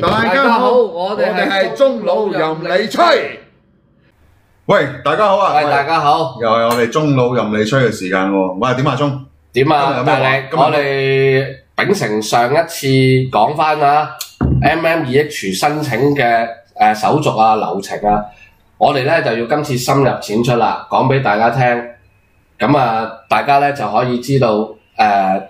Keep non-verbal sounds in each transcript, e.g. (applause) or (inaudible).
大家好，我哋係中老任你吹。喂，大家好啊！係大家好，又係我哋中老任你吹嘅時間喎。我係點啊？鐘點啊？大力，你天我哋秉承上一次講翻啊，MM2H 申請嘅誒、呃、手續啊流程啊，我哋咧就要今次深入淺出啦，講俾大家聽。咁啊，大家咧就可以知道誒、呃，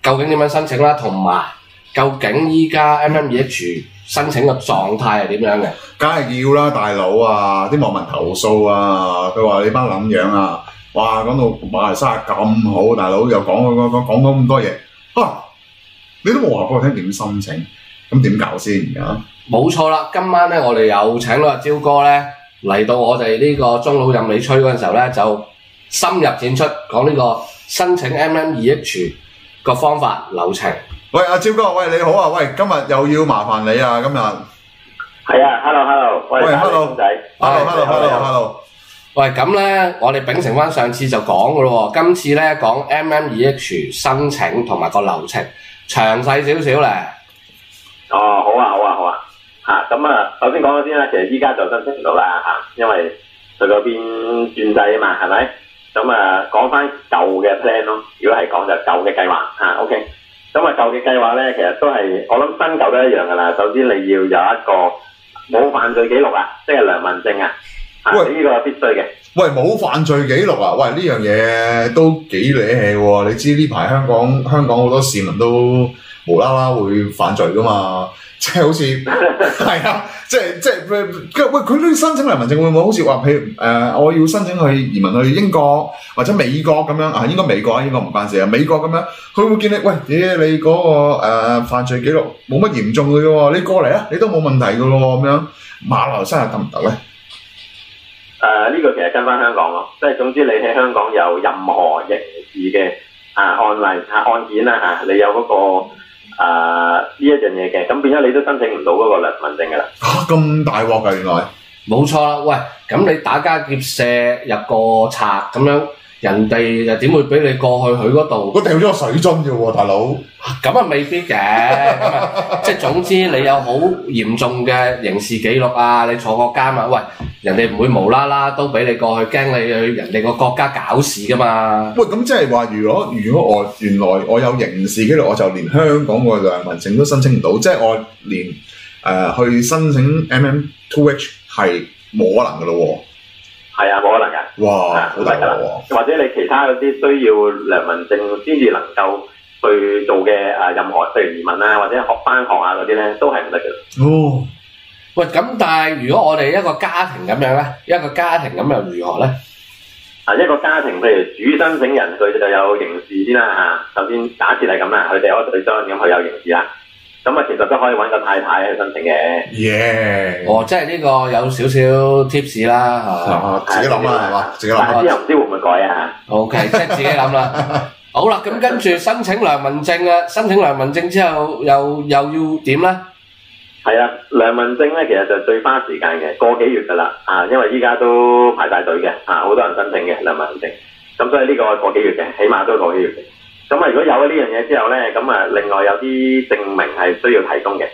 究竟點樣申請啦，同埋。究竟依家 MM2H 申請嘅狀態係點樣嘅？梗係要啦，大佬啊，啲網民投訴啊，佢話你班撚樣啊，哇，講到馬來西亞咁好，大佬又講講講講咁多嘢，嚇、啊、你都冇話過我聽點申請，咁點搞先啊？冇錯啦，今晚咧我哋又請到阿朝哥咧嚟到我哋呢個中佬任你吹嗰陣時候咧，就深入淺出講呢個申請 MM2H 個方法流程。喂，阿、啊、蕉哥，喂你好啊，喂，今日又要麻煩你啊，今日係啊，Hello，Hello，喂，Hello，仔，Hello，Hello，Hello，Hello，喂，咁咧，我哋秉承翻上次就講噶咯，今次咧講 MM2H 申請同埋個流程，詳細少少咧。哦，好啊，好啊，好啊，吓，咁啊，首先講咗先啦，其實依家就申請唔到啦，吓、啊，因為佢嗰邊轉制啊嘛，係咪？咁啊，講翻舊嘅 plan 咯、啊，如果係講就舊嘅計劃，吓、啊、，OK。咁啊，舊嘅計劃咧，其實都係我諗新舊都一樣噶啦。首先你要有一個冇犯罪記錄啊，即係良民證啊，呢喂、啊呢個係必須嘅。喂，冇犯罪記錄啊？喂，呢樣嘢都幾惹氣喎！你知呢排香港香港好多市民都無啦啦會犯罪噶嘛？即係好似係 (laughs) 啊，即係即係佢，佢喂佢啲申請良民證會唔會好似話，譬如誒，我要申請去移民去英國或者美國咁樣啊？應該美國啊，英國唔關事啊，美國咁樣，佢會見你喂，耶！你嗰、嗰個、呃、犯罪記錄冇乜嚴重嘅喎，你過嚟啊，你都冇問題嘅咯咁樣。馬來西亞得唔得咧？誒、呃，呢、呢個其實跟翻香港咯，即係總之你喺香港有任何刑事嘅啊案例啊案件啊嚇，你有嗰、嗰個。啊！呢、呃、一樣嘢嘅咁變咗，你都申請唔到嗰個良民證㗎啦！咁大鑊㗎原來，啊，冇錯啦！喂，咁你打家劫舍入過賊咁樣。人哋又點會俾你過去佢嗰度？我掉咗個水樽嘅喎，大佬。咁啊，未必嘅。 (laughs) 即係總之，你有好嚴重嘅刑事記錄啊，你坐過監啊，喂，人哋唔會無啦啦都俾你過去，驚你去人哋個國家搞事噶嘛。喂，咁即係話，如果如果我原來我有刑事記錄，我就連香港個良民證都申請唔到，即係我連誒、呃、去申請 M、MM、M Two H 係冇可能噶咯喎。係哇啊，冇可能嘅。哇，好大嘅啦。或者你其他嗰啲需要良民證先至能夠去做嘅啊，任何譬如移民啊，或者學返學啊嗰啲咧，都係唔得嘅。哦，喂，咁但係如果我哋一個家庭咁樣咧，一個家庭咁又如何咧？啊，一個家庭譬如主申請人佢就有刑事先啦吓，啊，首先假設係咁啦，佢哋有一對雙咁佢有刑事啦。咁啊，其實都可以揾個太太去申請嘅。耶！哦，即係呢個有少少 tips 啦，吓，自己諗啦，係嘛？自己諗。之後唔知會唔會改啊？OK，即係自己諗啦。好啦，咁跟住申請良民證啊，申請良民證之後又又要點咧？係啊，良民證咧其實就最花時間嘅，個幾月噶啦啊，因為依家都排曬隊嘅啊，好多人申請嘅良民證。咁所以呢個個幾月嘅，起碼都個幾月嘅。咁啊，如果有呢樣嘢之後咧，咁啊，另外有啲證明係需要提供嘅。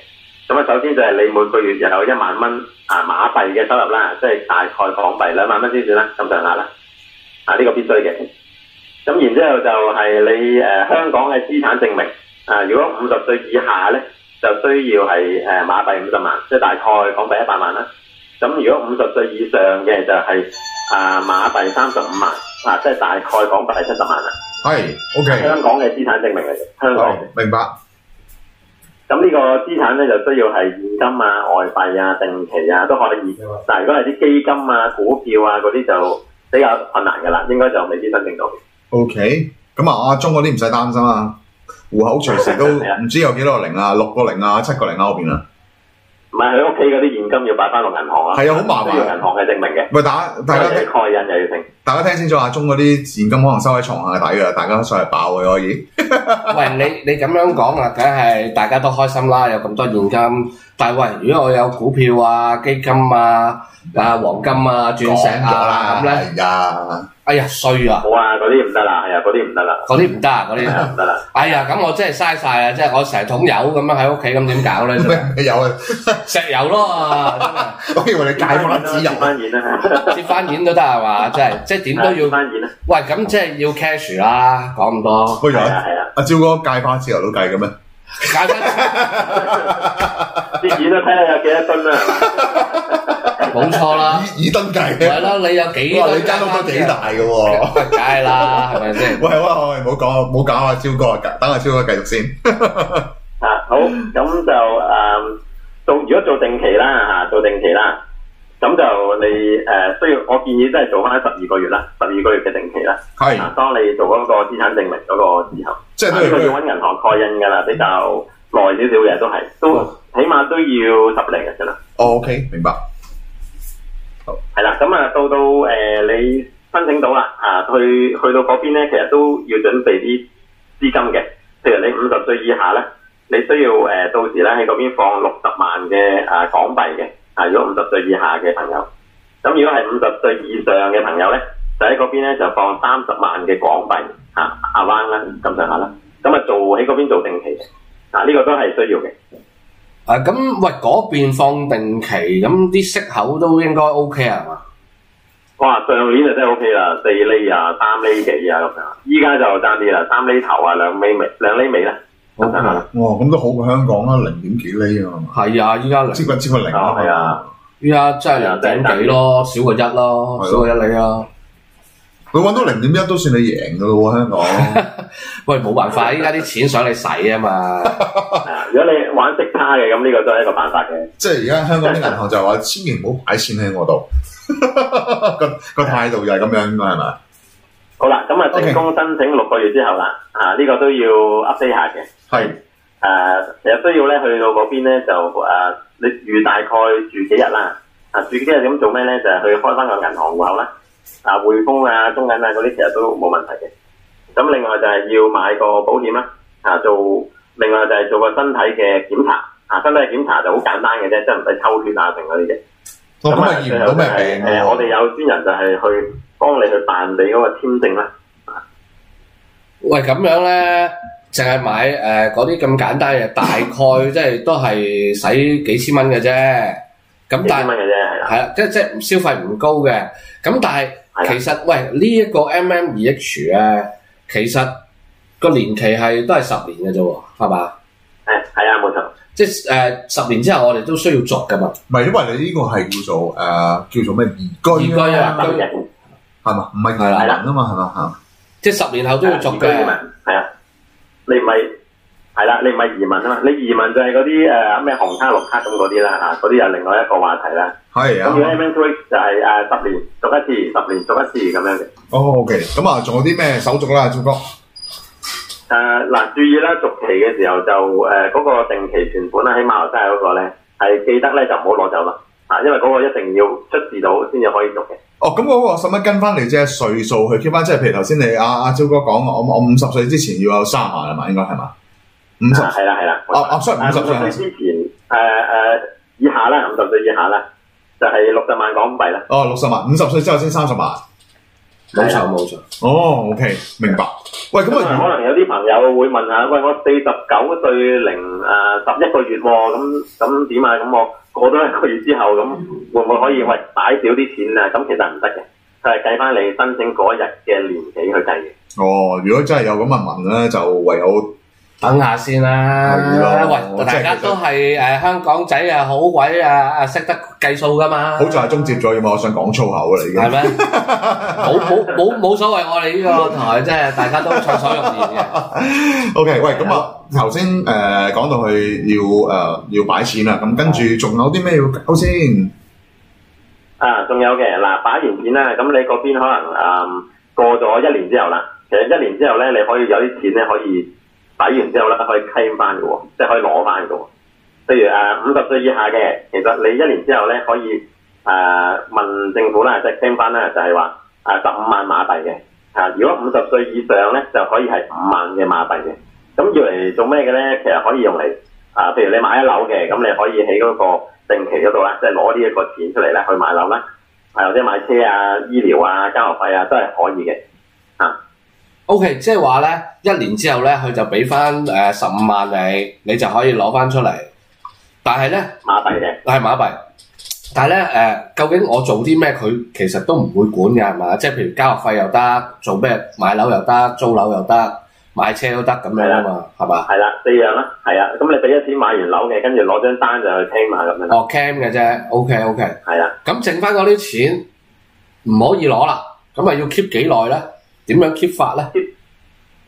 咁啊，首先就係你每個月有一萬蚊啊馬幣嘅收入啦，即係大概港幣兩萬蚊先算啦，咁上下啦。啊，呢個必須嘅。咁然之後就係你誒香港嘅資產證明。啊，如果五十歲以下咧，就需要係誒馬幣五十萬，即係大概港幣一百萬啦。咁如果五十歲以上嘅就係啊馬幣三十五萬，啊，即係大概港幣七十萬啊。係，O K。香港嘅資產證明嚟嘅，香港、哦、明白。咁呢個資產咧就需要係現金啊、外幣啊、定期啊都可以，但係如果係啲基金啊、股票啊嗰啲就比較困難噶啦，應該就未必申請到。O K，咁啊，阿中嗰啲唔使擔心啊，戶口隨時都唔知有幾多個零啊，六個零啊，七個零啊嗰邊啊。唔係佢屋企嗰啲現金要擺翻落銀行啊！係啊，好麻煩啊！銀行係證明嘅。唔係打，大家，大家的蓋印又要成。大家，大家聽清楚啊！中嗰啲現金可能收喺床下底嘅，大家想係爆嘅可以。 (laughs) 喂，你你咁樣講啊，梗係大家都開心啦！有咁多現金，但係喂，如果我有股票啊、基金啊、啊黃金啊、鑽石啊咁咧？了哎呀衰啊！好啊，嗰啲唔得啦，係啊，嗰啲唔得啦，嗰啲唔得啊，嗰啲唔得啦。哎呀，咁我真係嘥晒啊！即係我成桶油咁樣喺屋企，咁點搞咧？咩啊？石油咯，我以為你芥花籽油。接翻錢啦，接翻錢都得係嘛？真係，即係點都要。接翻錢。喂，咁即係要 cash 啦，講咁多。係啊係啊。阿蕉哥芥花籽油都計㗎咩？得！啲錢都睇下有幾多啦，係嘛？冇錯啦，以以登計，唔係啦，你有幾？哇，你間屋都幾大嘅喎，啊，梗係啦，係咪先？喂，喂，喂，唔好講啊，唔好搞啊，超哥，等下，啊、超哥繼續先。吓，啊，好，咁就誒做、呃，如果做定期啦嚇，做定期啦，咁就你誒需要，呃、我建議都係做翻十二個月啦，十二個月嘅定期啦。係，啊。當你做嗰個資產證明嗰個時候，即係你要揾銀行蓋，蓋印㗎啦，比較耐少少嘅都係，都、哦、起碼都要十零日嘅啦。OK，哦、明白。係啦，咁啊、嗯，到到誒，你申請到啦，啊，去去到嗰邊咧，其實都要準備啲資金嘅。譬如你五十歲以下咧，你需要誒，到時咧喺嗰邊放六十萬嘅啊港幣嘅。啊，如果五十歲以下嘅朋友，咁如果係五十歲以上嘅朋友咧，就喺嗰邊咧就放三十萬嘅港幣，吓阿彎啦，咁上下啦。咁啊，做喺嗰邊做定期，啊，呢個都係需要嘅。誒，咁喂嗰邊放定期，咁啲息口都應該 O K 啊？係嘛？哇，上年就真係 O K 啦，四厘啊，三厘幾啊咁樣，依家就爭啲啦，三厘頭啊，兩厘尾，兩厘尾咧，好得啊，Okay. 嗯、哇，咁都好過香港啦，啊，零點幾厘啊嘛，係啊，依家接近接近零啦，係啊，依家，啊啊、真係零點幾咯，少過一咯，啊、少過一厘啊。佢搵到零點一都算你贏噶咯喎，香港。 (laughs) 喂，冇辦法，依家啲錢想你使啊嘛。 (laughs) 如果你玩息差嘅，咁呢個都係一個辦法嘅。即係而家香港啲銀行就係話，千祈唔好擺錢喺我度。個個態度又係咁樣，係咪？好啦，咁啊，成功申請六個月之後啦，Okay 啊呢、這個都要 update 下嘅。係是。誒、啊，其實需要咧，去到嗰邊咧就誒、啊，你住大概住幾日啦？啊，住幾日咁做咩咧？就係去開翻個銀行戶口啦。啊，匯豐啊，中銀啊，嗰啲其實都冇問題嘅。咁另外就係要買個保險啦、啊，吓、啊、做另外就係做個身體嘅檢查。啊，身體嘅檢查就好簡單嘅啫，即係唔使抽血啊，剩嗰啲嘢。咁啊，然、哦啊、後咧、就是，誒、啊呃，我哋有專人就係去幫你去辦理嗰個簽證啦、啊。喂，咁樣咧，淨係買誒嗰啲咁簡單嘅，大概即係 (laughs) 都係使幾千蚊嘅啫。咁、嗯、但係，係啦，係啊，即係即係消費唔高嘅。咁但係的、這個 MM 啊，其實喂呢一個 MM2H 咧，其實個年期係都係十年嘅啫，係嘛？誒，係啊，冇錯。即係誒、呃，十年之後我哋都需要續噶嘛？唔係，因為你呢個係、呃、叫做誒叫做咩二居二居啊，對嘅，係根的嘛？唔係銀人啊嘛，係嘛吓？即係十年後都要續嘅，係啊？你咪。係啦，你唔係移民啊嘛！你移民就係嗰啲誒咩紅卡綠卡咁嗰啲啦吓，嗰啲又另外一個話題啦。係啊，咁 investment 就係誒十年續一次，十年續一次咁樣嘅。哦 O K，咁啊仲有啲咩手續啦，蕉哥？誒嗱，注意啦，續期嘅時候就誒嗰個定期存款啦，喺馬來西亞嗰個咧係記得咧就唔好攞走咯吓，因為嗰個一定要出示到先至可以續嘅。哦，咁嗰個使乜跟翻嚟即係歲數去 keep 翻？即係譬如頭先你阿阿蕉哥講，我我五十歲之前要有三萬啊嘛，應該係嘛？五十係啦係啦，哦哦，所以五十歲之前誒誒、uh, uh, 以下啦，五十歲以下啦，uh, 就係六十萬港幣啦。哦，六十萬，五十歲之後先三十萬。冇錯冇錯。哦、oh,，OK，, okay Yeah. 明白。喂，咁啊，可能有啲朋友會問下，喂，我四十九歲零誒十一個月，咁咁點啊？咁、嗯嗯嗯嗯、我過咗一個月之後，咁會唔會可以喂擺少啲錢啊？咁其實唔得嘅，佢係計翻你申請嗰日嘅年紀去計嘅。哦，如果真係有咁嘅文咧，就唯有。等下先啦，喂，大家都係誒香港仔啊，好鬼啊啊，識得計數噶嘛？好在係中截咗，因為我想講粗口㗎啦已經。係咩？冇冇冇冇所謂，我哋呢個台即係大家都暢所欲言嘅。OK，喂，咁啊頭先誒講到去要誒要擺錢啦，咁跟住仲有啲咩要搞先？啊，仲有嘅嗱，擺完錢啦，咁你嗰邊可能誒過咗一年之後啦，其實一年之後咧，你可以有啲錢咧可以。抵完之後咧，可以傾翻嘅，即係可以攞翻嘅。譬如誒五十歲以下嘅，其實你一年之後咧可以誒、呃、問政府啦，即係傾翻啦，就係話誒十五萬馬幣嘅。嚇、啊，如果五十歲以上咧，就可以係五萬嘅馬幣嘅。咁要嚟做咩嘅咧？其實可以用嚟啊，譬如你買一樓嘅，咁你可以喺嗰個定期嗰度咧，即係攞呢一個錢出嚟咧去買樓啦，係、啊、或者買車啊、醫療啊、交學費啊都係可以嘅嚇。啊 O K，即係話咧，一年之後咧，佢就俾翻誒十五萬你，你就可以攞翻出嚟。但係咧，馬幣嘅，係馬幣。但係咧，誒、呃，究竟我做啲咩，佢其實都唔會管嘅，係嘛？即係譬如交學費又得，做咩買樓又得，租樓又得，買車都得咁樣啊嘛，係嘛？係啦，四樣啦，係啊。咁你俾咗錢買完樓嘅，跟住攞張單就去 claim 咁樣。哦，claim 嘅啫，O K O K，係啦。咁剩翻嗰啲錢唔可以攞啦，咁啊要 keep 幾耐咧？點樣 keep 法咧？keep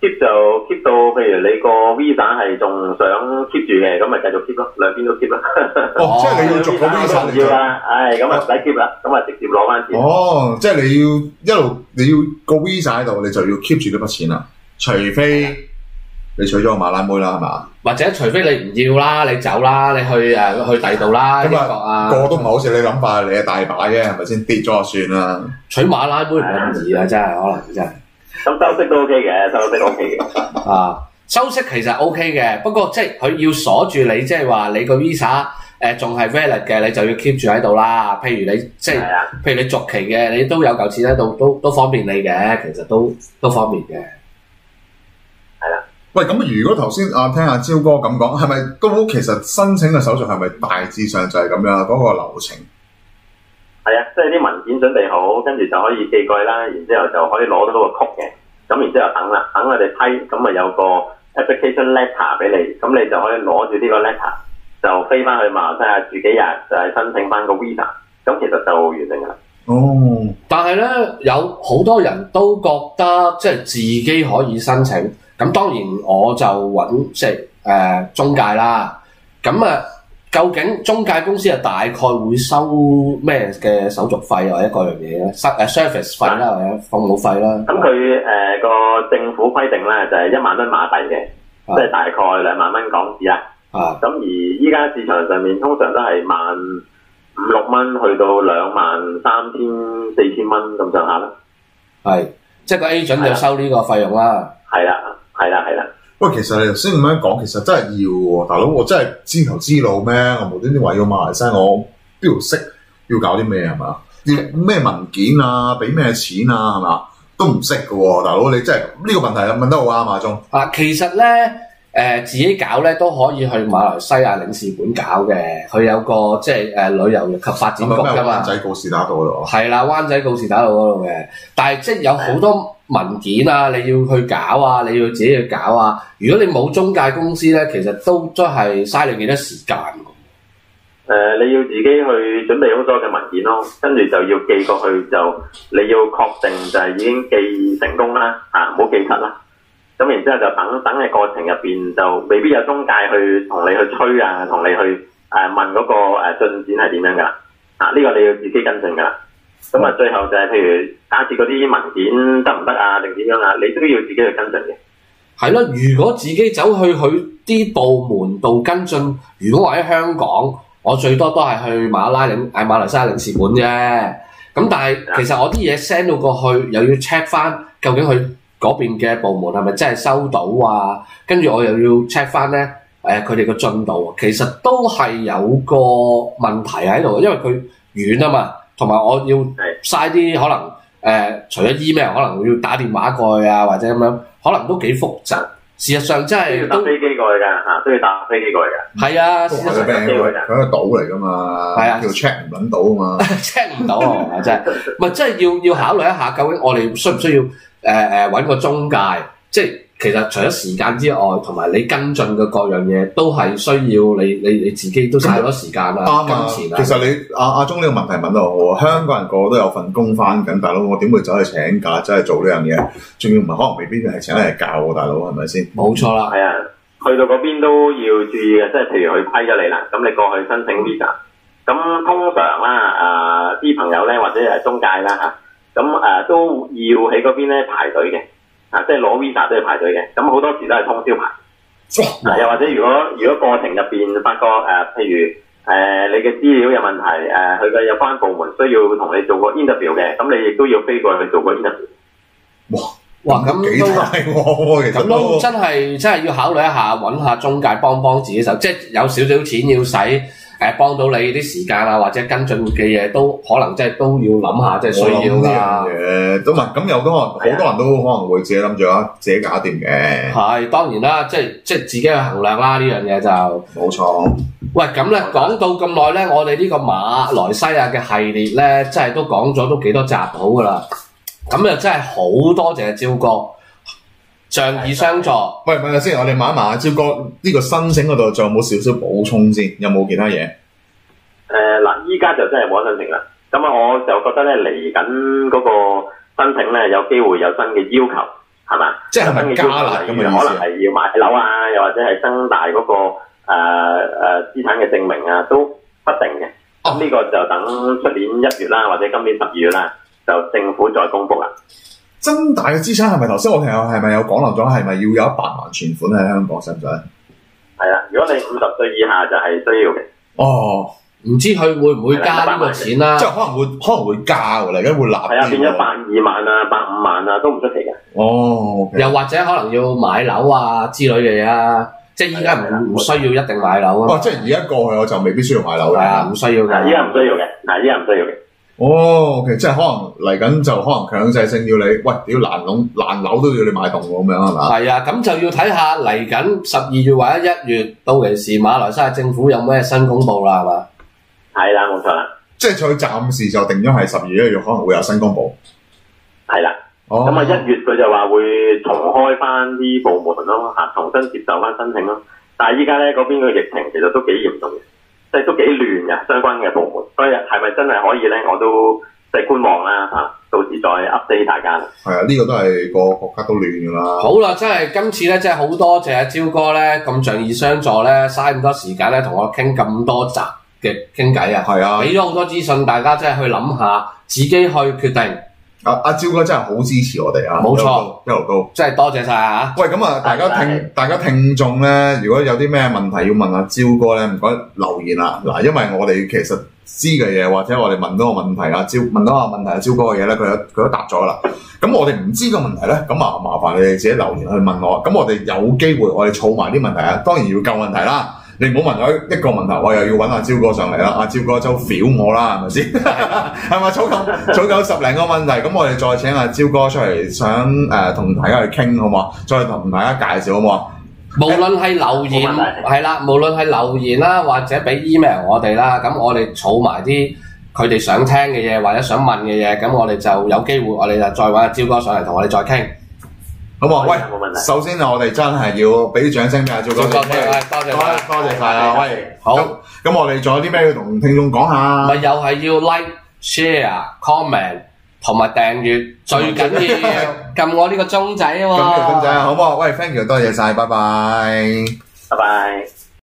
就 keep 到，譬如你個 visa 係仲想 keep 住嘅，咁咪繼續 keep 咯，兩邊都 keep 咯。即係你要做個 visa 要啦，唉，咁啊唔使 keep 啦，咁啊直接攞翻錢。哦，即係你要一路你要個 visa 喺度，你就要 keep 住呢筆錢啦。除非你娶咗個馬拉妹啦，係嘛？或者除非你唔要啦，你走啦，你去誒去第二度啦，英國啊，個都唔係好似你諗法，你大把嘅係咪先跌咗就算啦？娶馬拉妹唔易啊，真係可能真係。咁收息都 OK 嘅，收息 OK 嘅。 (laughs) 啊，收息其實 OK 嘅，不過即係佢要鎖住你，即係話你個 Visa 誒、呃、仲係 valid 嘅，你就要 keep 住喺度啦。譬如你即係，係、的譬如你續期嘅，你都有嚿錢喺度，都都方便你嘅，其實都都方便嘅。係啦的。喂，咁如果頭先啊聽阿蕉哥咁講，係咪都其實申請嘅手續係咪大致上就係咁樣嗰個流程？係啊，即係啲文件準備好，跟住就可以寄過去啦。然之後就可以攞到個曲嘅，咁然之後等啦，等佢哋批，咁咪有個 application letter 俾你，咁你就可以攞住呢個 letter 就飛翻去馬來西亞住幾日，就係申請翻個 visa。咁其實就完成啦。哦，但係咧有好多人都覺得即係自己可以申請，咁當然我就揾即係誒、呃、中介啦。咁啊～究竟中介公司啊，大概會收咩嘅手續費或者各樣嘢咧 service 費啦，或者服務費啦。咁佢誒個政府規定咧，就係一萬蚊馬幣嘅，即係的大概兩萬蚊港紙啦。啊的！咁而依家市場上面通常都係萬五六蚊，去到兩萬三千四千蚊咁上下啦。係，即係個 agent 收呢個費用啦。係啦，係啦，係啦。喂，其實你頭先咁樣講，其實真係要的，大佬，我真係知頭知路咩？我無端端話要馬來西亞，我邊度識要搞啲咩係嘛？啲咩文件啊，俾咩錢啊，係嘛？都唔識噶，大佬，你真係呢個問題問得好啱。馬中，嗱、啊，其實咧。誒、呃、自己搞咧都可以去馬來西亞領事館搞嘅，佢有個即係誒、呃、旅遊及發展局㗎嘛。灣仔告士打道嗰度。係啦，灣仔告士打道嗰度嘅，但係即係有好多文件啊，你要去搞啊，你要自己去搞啊。如果你冇中介公司咧，其實都真係嘥你幾多時間。誒、呃，你要自己去準備好多嘅文件咯，跟住就要寄過去就，就你要確定就係已經寄成功啦，嚇唔好寄失啦。咁然之後就等等嘅過程入邊就未必有中介去同你去催啊，同你去誒、呃、問嗰、那個誒進展係點樣噶？啊，呢、這個你要自己跟進噶啦。咁啊、嗯，後最後就係、是、譬如假設嗰啲文件得唔得啊，定點樣啊？你都要自己去跟進嘅。係咯，如果自己走去佢啲部門度跟進，如果話喺香港，我最多都係去馬拉領，喺馬來西亞領事館啫。咁但係、嗯嗯、其實我啲嘢 send 到過去，又要 check 翻究竟佢。嗰邊嘅部門係咪真係收到啊？跟住我又要 check 翻咧，誒佢哋個進度，啊，其實都係有個問題喺度，因為佢遠啊嘛，同埋我要嘥啲可能誒，除咗 email，可能要打電話過去啊，或者咁樣，可能都幾複雜。事實上真係都 (laughs) 要搭飛機過去㗎，嚇都要搭飛機過去㗎。係啊，事實上佢個島嚟㗎嘛，啊，要 check 唔到啊嘛，check 唔到啊真係，咪真係要要考慮一下，究竟我哋需唔需要？誒誒，揾、呃、個中介，即係其實除咗時間之外，同埋你跟進嘅各樣嘢，都係需要你你你自己都嘥咗時間啦。嗯、其實你阿阿鍾呢個問題問得又好啊，香港人個個都有份工翻緊，大佬我點會走去請假，走去做呢樣嘢？仲要唔係可能未必係請得嚟教大佬係咪先？冇錯啦。係、嗯、啊，去到嗰邊都要注意嘅，即係譬如佢批咗你啦，咁你過去申請 visa 咁通常啦、啊，啊啲朋友咧或者係中介啦嚇。啊咁誒、啊、都要喺嗰邊咧排隊嘅，啊，即係攞 visa 都要排隊嘅。咁、啊、好多時都係通宵排，又哇或者如果如果過程入邊發覺誒，譬如誒、啊、你嘅資料有問題，誒佢嘅有關部門需要同你做個 interview 嘅，咁、啊、你亦都要飛過去做個 interview。哇！哇！咁幾大喎？其實都真係真係要考慮一下，搵下中介幫幫自己手，即係有少少錢要使。誒，幫到你啲時間啊，或者跟進嘅嘢都可能即係都要諗下，嗯、即係需要啦。呢樣嘢都唔咁就有多，都好，好多人都可能會自己諗住是啊，自己搞掂嘅。係當然啦，即係即係自己去衡量啦。呢樣嘢就冇錯。喂，咁咧、嗯、講到咁耐咧，我哋呢個馬來西亞嘅系列咧，即係都講咗都幾多集好㗎喇。咁又真係好多謝蕉哥。仗義相助。的喂，等下先，我哋問一問阿蕉哥，呢、這個申請嗰度仲有冇少少補充先？有冇其他嘢？誒、呃，嗱，依家就真係冇得申請啦。咁啊，我就覺得咧，嚟緊嗰個申請咧，有機會有新嘅要求，係嘛？即係加啦，咁勞啊，可能係要買樓啊，又或者係增大嗰，那個誒誒資產嘅證明啊，都不定嘅。呢、啊、個就等出年一月啦，或者今年十二月啦，就政府再公布啦。增大嘅資產係咪頭先我朋友係咪有講漏咗？係咪要有一百萬存款喺香港，使唔使？係啊，如果你五十歲以下就係需要嘅。哦，唔知佢會唔會加呢個錢啦、啊？即係可能會可能會加喎，嚟緊了會立住一係啊，變咗百二萬啊，百五萬啊，都唔出奇嘅。哦，okay、又或者可能要買樓啊之類嘅嘢啊，即係依家唔需要一定買樓啊。哦，即係而家過去我就未必需要買樓啦、啊，唔需要嘅。依家唔需要嘅，嗱、啊，依家唔需要嘅。哦，其實，okay，即係可能嚟緊就可能強制性要你，喂，屌爛籠爛樓都要你買房喎，咁樣係嘛？係啊，咁就要睇下嚟緊十二月或者一月到期時馬來西亞政府有咩新公佈啦，係嘛？係啦、啊，冇錯啦、啊。即係佢暫時就定咗係十二月，可能會有新公佈。係啦、啊。哦。咁啊，一月佢就話會重開翻啲部門咯嚇，重新接受翻申請咯。但係依家咧嗰邊個疫情其實都幾嚴重嘅。都幾亂啊，相關嘅部門，所以係咪真係可以咧？我都即係觀望啦嚇，到時再 update 大家。係啊，呢、這個都係個國家都亂嘅啦。好啦，真係今次咧，真係好多謝阿、啊、朝哥咧，咁仗義相助咧，嘥咁多時間咧，同我傾咁多集嘅傾偈啊。係啊，俾咗好多資訊，大家真係去諗下，自己去決定。阿阿蕉哥真係好支持我哋啊！冇錯，一路高，高真係多謝晒啊！喂，咁啊，大家聽，是是大家聽眾咧，如果有啲咩問題要問阿、啊、蕉哥咧，唔該留言啦。嗱，因為我哋其實知嘅嘢，或者我哋問到個問題，啊，蕉問到個問題，阿蕉哥嘅嘢咧，佢有佢都答咗啦。咁我哋唔知個問題咧，咁啊麻煩你哋自己留言去問我。咁我哋有機會，我哋儲埋啲問題啊，當然要夠問題啦。你唔好問我一個問題，我、哎、又要揾阿招哥上嚟啦。阿、啊、招哥就屌我啦，係咪先？係咪湊夠十零個問題？咁 (laughs) 我哋再請阿招哥出嚟，想誒同、呃、大家去傾好冇？好？再同大家介紹好冇？好，好無？無論係留言係啦，無論係留言啦，或者畀 email 我哋啦，咁我哋儲埋啲佢哋想聽嘅嘢，或者想問嘅嘢，咁我哋就有機會，我哋就再揾阿招哥上嚟同我哋再傾。好嘛，喂，首先我哋真係要俾啲掌聲畀阿蕉哥，多謝多謝多謝晒啊，好，咁我哋仲有啲咩要同聽眾講下？咪又係要 like、share、comment 同埋訂閱，最緊要撳我呢個鐘仔喎，鐘仔，好唔好？喂，thank you，多謝晒，拜拜，拜拜。